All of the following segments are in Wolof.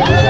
Woo!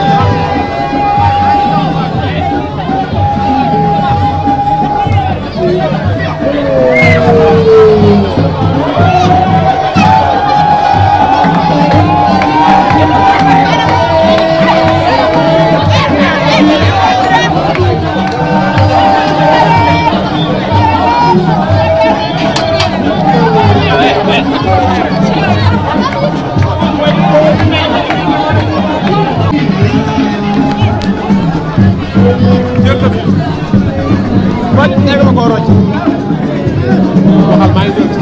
jël na fi roc nekk na koo roc waxal maa ngi dégg.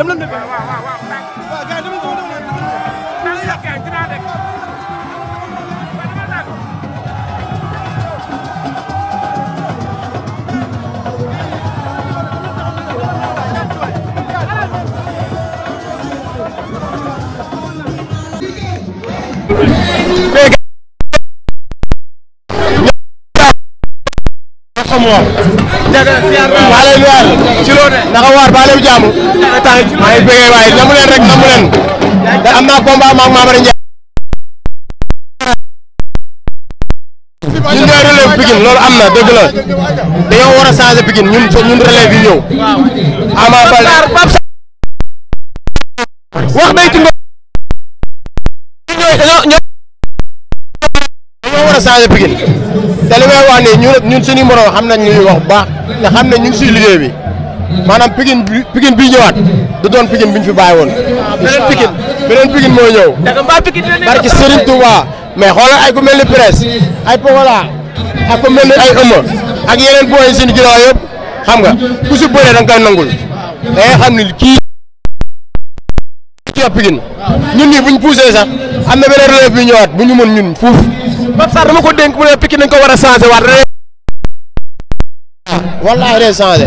dama leen jàmm waaw. jaajëf siyaar ci loo ne waar baale bu jàmm. maa ngi bëggee waaye namu leen rek namu leen. te am naa combat maag Mamadou Ndiaye. ñun ñooy relève Pikine loolu am na dëgg la dañoo war a changer Pikine ñun ñun relève yi ñëw. Ama Baldé wax day tungo. te li may wax nii ñun ñun suñu moroom xam nañ li ñuy wax bu baax te xam nañ ñu si suñu liggéey bi maanaam pikin bi pikin bi ñëwaat du doon pikin bi ñu fi bàyyi woon. beneen pikin beneen pikin moo a daga mbaa pikin dina nekk barki Serigne Touba mais xoolal ay mel ni presse ay Pogola ak ku mel ni ay Eumeu ak yeneen booy yi seen ginnaaw yëpp xam nga ku si bëree da nga koy nangul da ngay xam ni kii. kii pikin ñun ñii buñ poussé sax am na beneen relève bi ñëwaat bu ñu mën ñun fuuf. Pape Sarr dama ko dénk mu ne Pikine nañ ko war a changé waat rek. wallaahi day changé.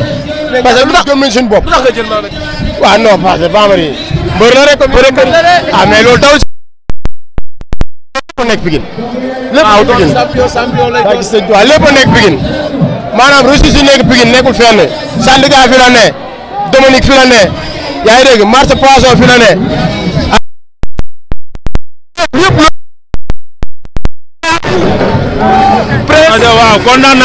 parce que lu tax gëm nañ suñu bopp. lu tax nga la rek comme mbër la rek. ah mais loolu taw nekk Pikine. waaw ah, doon champion champion lay doon lépp nekk Pikine. nekk Pikine nekkul fenn. syndicat fi la ne Dominique fi la ne président ah, waaw kontaan